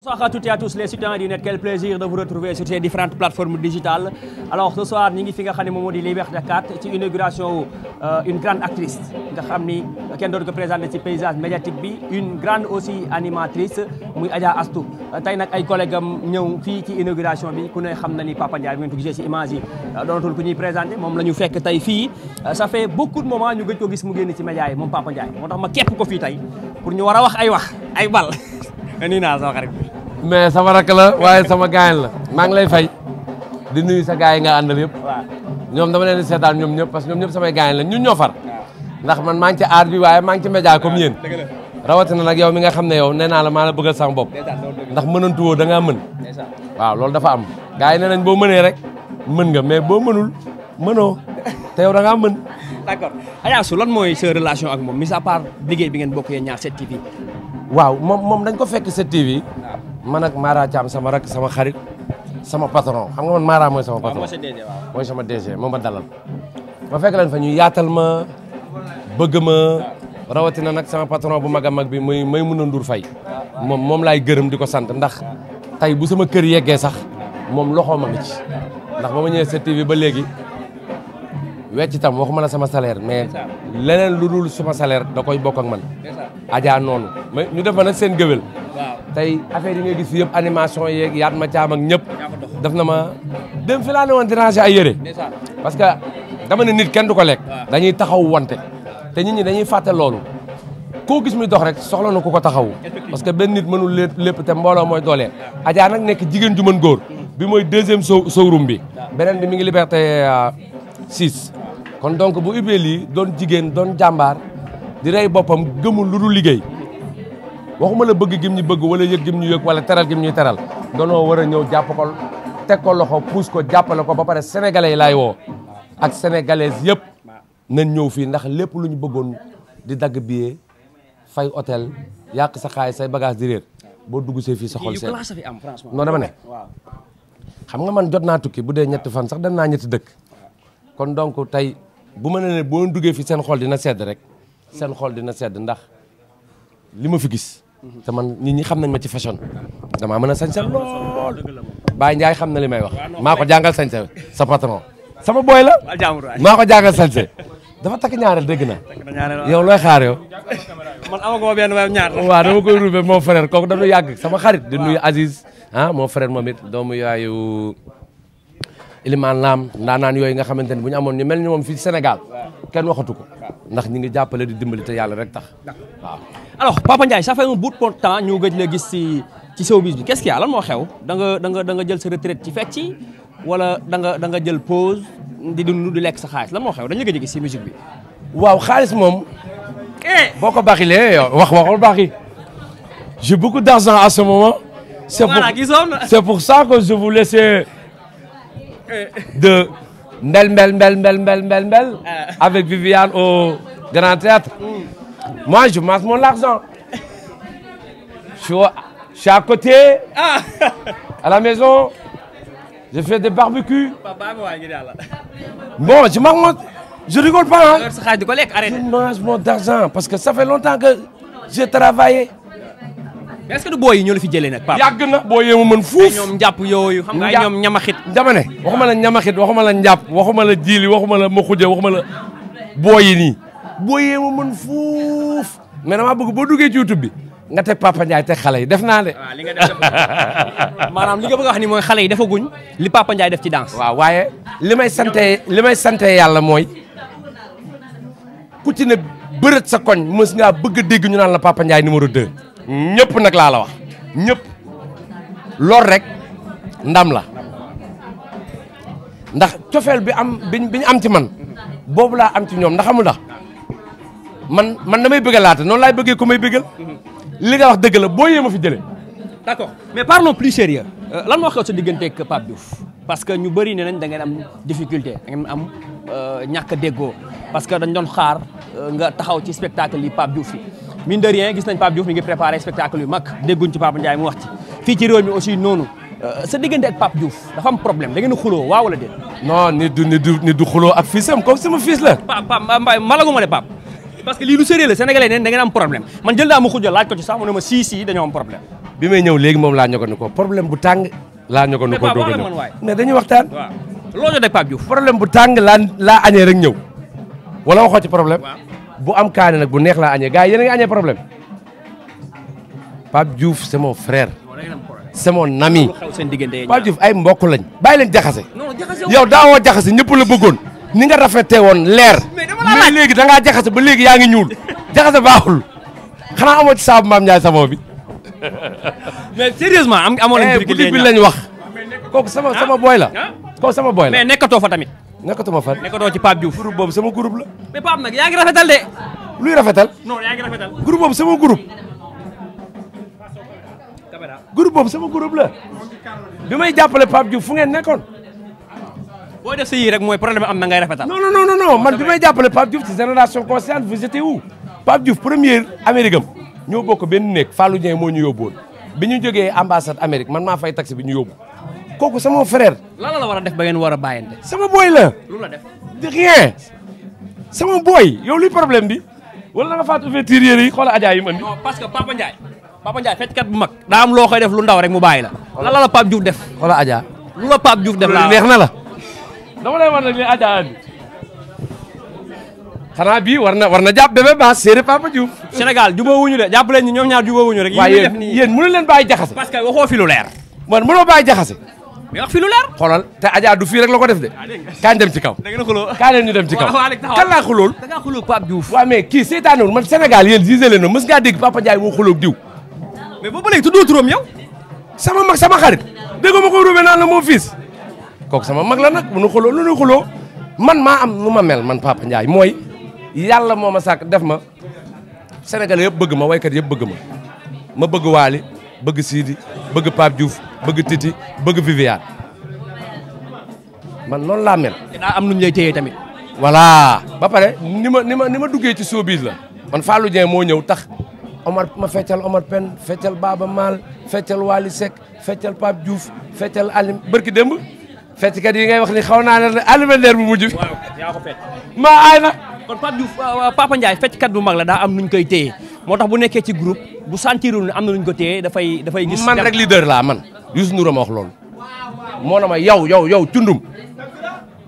Bonsoir à toutes et à tous les citoyens du net quel plaisir de vous retrouver sur ces différentes plateformes digitales alors ce soir ñi ngi fi nga xam ne moom di Liberté 4 ci inauguration wu euh, une grande actrice nga xam ni kenn doon ko présenté ci paysage médiatique bi une grande aussi animatrice muy Adja Astou tey nag ay collègue am ñëw fii ci inauguration bi ku ne xam na ni Papa Ndiaye bi ngeen ko ci image euh, doonatul ku ñuy présenté moom la ñu fekk tey fii euh, ça fait beaucoup de ñu gëj ko gis mu génn ci média yi moom Papa Ndiaye moo tax ma képp ko fii tey pour ñu war a wax ay wax ay bal nii naa mais sama rakk la waaye sama gaañ la maa ngi lay fay di nuyu sa gars yi nga àndal yëpp. ñoom dama leen di seetaan ñoom ñëpp parce que ñoom ñëpp samay gaañ la ñun ñoo far. ndax man maa ngi ci aar bi waaye maa ngi ci média comme yéen. rawati nag yow mi nga xam ne yow nee naa la maa la bëggal sama bopp. ndax mënantu woo da ngaa mën. waaw loolu dafa am. gars yi nee nañ boo mënee rek mën nga mais boo mënul mënoo te yow da ngaa mën. d'accord Ayasu lan mooy sa relation ak moom mis à part liggéey bi ngeen bokk yéen ñaar 7TV. waaw moom moom dañ ko fekk 7TV. man ak Mara Thiam sama rak sama xarit sama patron xam nga man Mara mooy sama patron mooy sama DG moom a dalal ma fekk leen fa ñu yaatal ma bëgg ma rawatina nag sama patron bu mag a mag bi muy may mun a ndur fay moom moom laay gërëm di ko sant ndax tey bu sama kër yeggee sax moom loxoo ma ngi ndax ba ma ñëwee sa TV ba léegi wecc itam waxuma la sama salaire mais leneen lu dul sama salaire da koy bokk ak man ajaa noonu ñu def ma nag seen gëwél tey affaire yi ngay gis yëpp animation yeeg yaat ma caam ak ñëpp daf na ma dem fi laa woon di ranger ay yére parce que dama ne nit kenn du ko lekk dañuy taxaw wante te nit ñi dañuy fàtte loolu koo gis muy dox rek soxla na ku ko taxawu parce que benn nit mënul lépp lépp te mbooloo mooy dooleel ajaa nag nekk jigéen ju mën góor bi mooy deuxième show showroom bi beneen bi mi ngi liberté 6 euh, kon donc bu ubbee lii doon jigéen doon jàmbaar di rey boppam gëmul lu dul liggéey waxuma bëgg gim ñu bëgg wala yëg gim ñu yëg wala teral gim ñuy teral danoo war a ñëw jàpp ko teg ko loxo puus ko jàppale ko ba pare sénégalais yi laay woo ak sénégalaises yëpp nen ñëw fii ndax lépp lu ñu bëggoon di dagg billet fay hôtel yàq sa xaay say bagage di réer boo dugg see fii sa xol seen non ma ne xam nga man jot naa tukki bu dee ñetti fan sax dem naa ñetti dëkk kon donc tey bu ma ne ne boo duggee fii seen xol dina sedd rek seen xol dina sedd ndax li ma fi gis te man nit ñi xam nañ ma ci fashion damaa mën a sañse lool Baye Ndiaye xam na li may wax maa ko jàngal sañse sa patron sama booy la maa ko jàngal sañse dafa takk ñaareel dégg na yow looy xaar yow man amaguma benn waaye ñaar waaw dama koy ruube yàgg sama xarit di nuyu Aziz moo ah, mon frère moom it doomu yaayu Iliman Lam ndaanaan yooyu nga xamante ne bu ñu amoon ñu mel ni moom fii Sénégal kenn waxatu ko ndax ñi ngi jàppale di dimbali te yàlla rek tax alors Papa Ndiaye ça fait un bout de temps ñu gëj la gis ci ci showbiz bi qu'est-ce qu'il lan moo xew danga nga da nga jël sa retraite ci fecc yi wala danga da nga jël pause di dund di lekk sa xaalis lan moo xew dañu la gëj a gis ci musique bi. waaw xaalis moom. Eh! boo ko baaxilee wax waxul baaxi. j'ai beaucoup d'argent à ce moment. c'est pour c'est pour ça que je vous laisse de mbel mbel mbel ah. avec Viviane au Grand Théâtre. Mm. Moi, je mange mon argent. Je suis, à, je suis à côté, a ah. à la maison, je fais des barbecues. Bon, je mange mon... Je rigole pas, hein. Je mange parce que ça fait longtemps que j'ai travaillé. mais est-ce que du booy yi ñoo la fi jëlee nag Pape. yàgg na booy yi ma mën fuuf ñoom njàpp yooyu. xam nga ñamaxit. dama ne waxuma la ñamaxit waxuma la njàpp waxuma la jiili waxuma la ma xuja la booy yi boo yee ma mën fuuf mais damaa bëgg boo duggee ci YouTube bi nga teg Papa Ndiaye xale yi def naa de. waaw li nga maanaam li nga bëgg a wax ni mooy xale yi defaguñ li Papa def ci danse. waaw waaye li may sante li may sante yàlla mooy ku ci ne bërët sa koñ mës ngaa bëgg a dégg ñu naan la Papa Ndiaye numéro 2. ñëpp nag laa la wax ñëpp lool rek ndam la ndax cofeel bi am bi ñu am ci man boobu laa am ci ñoom ndax amul man man na may bëgg laata noonu laay bëggee ku may bëggal. li nga wax dëgg la boo yéem ma fi jëlee. d'accord mais par parlons plus sérieux euh, lan wax xew sa digganteeg Pape Diouf parce que ñu bëri ne nañ da ngeen am difficulté da ngeen am euh, ñàkk a déggoo parce que dañ doon xaar euh, nga taxaw ci spectacle yi Pape Diouf yi. mine de rien gis nañ Pape Diouf mi ngi préparé spectacle yu mag dégguñ ci Pape Ndiaye mu wax ci fii ci réew mi aussi noonu sa diggante ak Pape Diouf dafa am problème da ngeen a xuloo waaw wala déet. non nit du nit du nit ak fils am comme sama fils la. Pape Pape Mbaye Malagu ma ne parce que lii lu sérieux la sénégalais neen da ngeen am problème man jël naa ma xujja laaj ko ci sax ne ma sii sii dañoo problème bi may ñëw léegi moom laa ñoko ko problème bu tàng laa ñoko ni ko a ñëw mais dañuy waxtaan loo jot ak Pape Diouf problème bu tàng laa añee rek ñëw wala waxoo ci problème bu am kaane nag bu neex laa añee gars yi a ngi añee problème Pape Diouf c'est mon frère c'est mon ami ay mbokk lañ bàyyi leen jaxase yow daawoo jaxase ñëpp la bëggoon ni nga ma léegi da ngaa jaxase ba léegi yaa ngi ñuul jaxase baaxul xanaa amoo ci saabu maam Ndiaye savon bi. mais sérieusement am amoon nañu. Eh, boutique bi lañ ah. wax. kooku sama sama ah. booy la. Ah. kooku sama booy la mais nekkatoo fa tamit. nekkatuma fan. nekkatoo ci Pape Diouf. boobu sama groupe la. mais nag yaa ngi rafetal de. luy rafetal. non yaa ngi rafetal. groupe boobu sama groupe. groupe sama groupe la. bi may jàppale Pape Diouf fu ngeen nekkoon. boo def sa yii rek mooy problème am na ngay rafetal. non non non non man bi may jàppale Pape Diouf ci génération consciente vous étiez où Pape première Amérique am bokk benn néeg Fallou Dieng moo ñu yóbbuwoon bi ñu jógee ambassade Amérique man maa fay taxi bi ñu yóbbu kooku sama frère. lan la war a def ba ngeen war a bàyyante. sama booy la. lu la def rien. sama booy yow luy problème bi wala nga faat ouverture yére yi xoolal Adja yi man. non parce que Papa Ndiaye Papa Ndiaye fecckat bu mag. daa am loo koy def lu rek mu bàyyi la. lan la la Pape Diouf def. xoolal lu la Pape Diouf def laa neex na la. dama lay war nag li Adja andi xanaa bii war na war na jàpp bébé baas séeré Papa Diouf Sénégal jubóowuñu de jàpp leen ñi ñoom ñaar jubóowuñu rek waaye yéen mënu leen bàyyi jaxase parce que waxoo fi lu leer man mënoo bàyyi jaxase mais wax fi lu leer xoolal te Adja du fii rek la ko def de ah, kañ dem ci kaw kañ leen ñu dem ci kaw kan laa xulool da ngaa xulool Pape Diouf waaw mais kii seetaanul man Sénégal yéen gisee leen mës ngaa dégg Papa Ndiaye woo xuloog diw mais boobu léegi tuddoo turam yow sama mag sama xarit dégg ma ko rubé naan la moo fiis kooku sama mag la nag mu nu xuloo lu nu man maa am nu ma mel man Papa Ndiaye mooy yàlla moo ma sàkk def ma Sénégalais yëpp bëgg ma waykat yëpp bëgg ma ma bëgg Waly bëgg Sidi bëgg Pape bëgg Titi bëgg Viviane man noonu laa mel. am nu ñu lay téye tamit. voilà ba pare ni ma ni ma ni ma duggee ci showbiz la man Fallou Dieng moo ñëw tax Omar ma feccal Omar Pène feccal Baba Maal feccal Waly sek feccal Pape Diouf feccal Alim bërki démb. fettkat yi ngay wax ni xaw naa ne alimentaire bu mujj. waaw yaa ko fekk. maa aay nag. kon Pape euh, euh, fecckat bu mag la daal am ñu koy téye moo tax bu nekkee ci groupe bu sentirul ne am na nuñ ko téye dafay dafay. gis man rek leader laa man. Youssou Ndour ma wax loolu. moo na ma yow yow yow cundum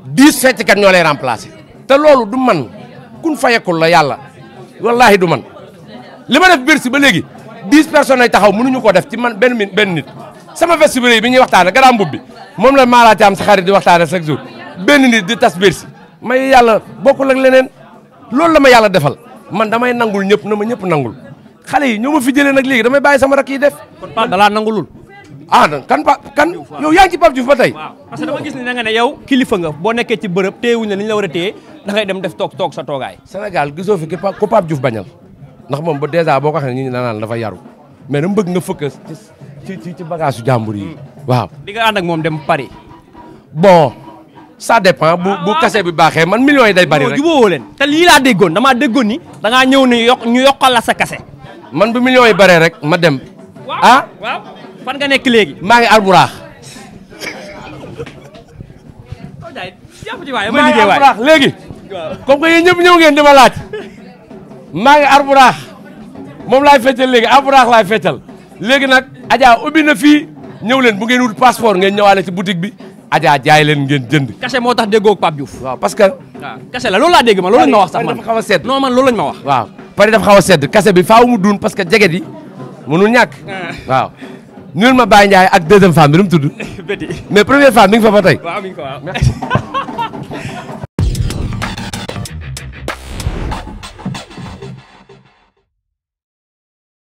dix fecckat ñoo lay remplacer. te loolu du man kun fayekul la yàlla wallaahi du man li ma def Bercy ba léegi dix personnes ay taxaw mënuñu ko def ci man benn benn nit sama vestiaire bi ñuy waxtaanee garaam mbubb bi. moom la Mara Thiam sa xarit di waxtaane chaque jour benn nit di tas biir yàlla bokkul ak leneen loolu la ma yàlla defal man damay nangul ñëpp na ma ñëpp nangul xale yi ñoo ma fi jëlee nag léegi damay bàyyi sama rak yi def. kon Pape dalaa ah, kan pa kan yow yaa ci Pape Diouf ba tey. parce que gis ne da nga ne yow kilifa nga boo nekkee ci bërëb téyewuñ la ni la war a téye da ngay def toog toog sa toogaay. Sénégal gisoo fi ku Pape Diouf bañal ndax moom ba dèjà boo ko xam ne ñu naan dafa yaru mais na bëgg nga fëkk ci ci ci bagage jàmbur yi waaw di nga ànd ak moom dem pari bon ça dépend bu bu ah, kase bi baaxee man million yi day bari rek. jubóowoo leen te lii laa déggoon damaa déggoon ni. da ngaa ñëw ni yokk ñu yokkal la sa kase. man bu millions yi baree rek ma dem. ah waaw fan nga nekk léegi. maa ngi alburaax. maa ngi alburaax léegi. comme que yéen ñëw ngeen dama laaj. maa ngi alburaax moom laay feccal léegi alburaax laay feccal léegi nag na fii. ñëw leen bu ngeen wut passeport ngeen ñëwaale ci boutique bi a jaay leen ngeen jënd. kese moo tax déggoo Pape Diouf. waaw parce que. waaw kese la loolu laa dégg ma loolu lañ ma wax sax man dafa xaw a sedd. non man loolu lañ ma wax. waaw pari dafa xaw a sedd kese bi faaw mu duun parce que jeget yi mënul ñàkk. Ah. waaw ñun ma Baye Ndiaye ak deuxième femme bi nu mu tudd. mais première femme mi ngi fa ba tey. waaw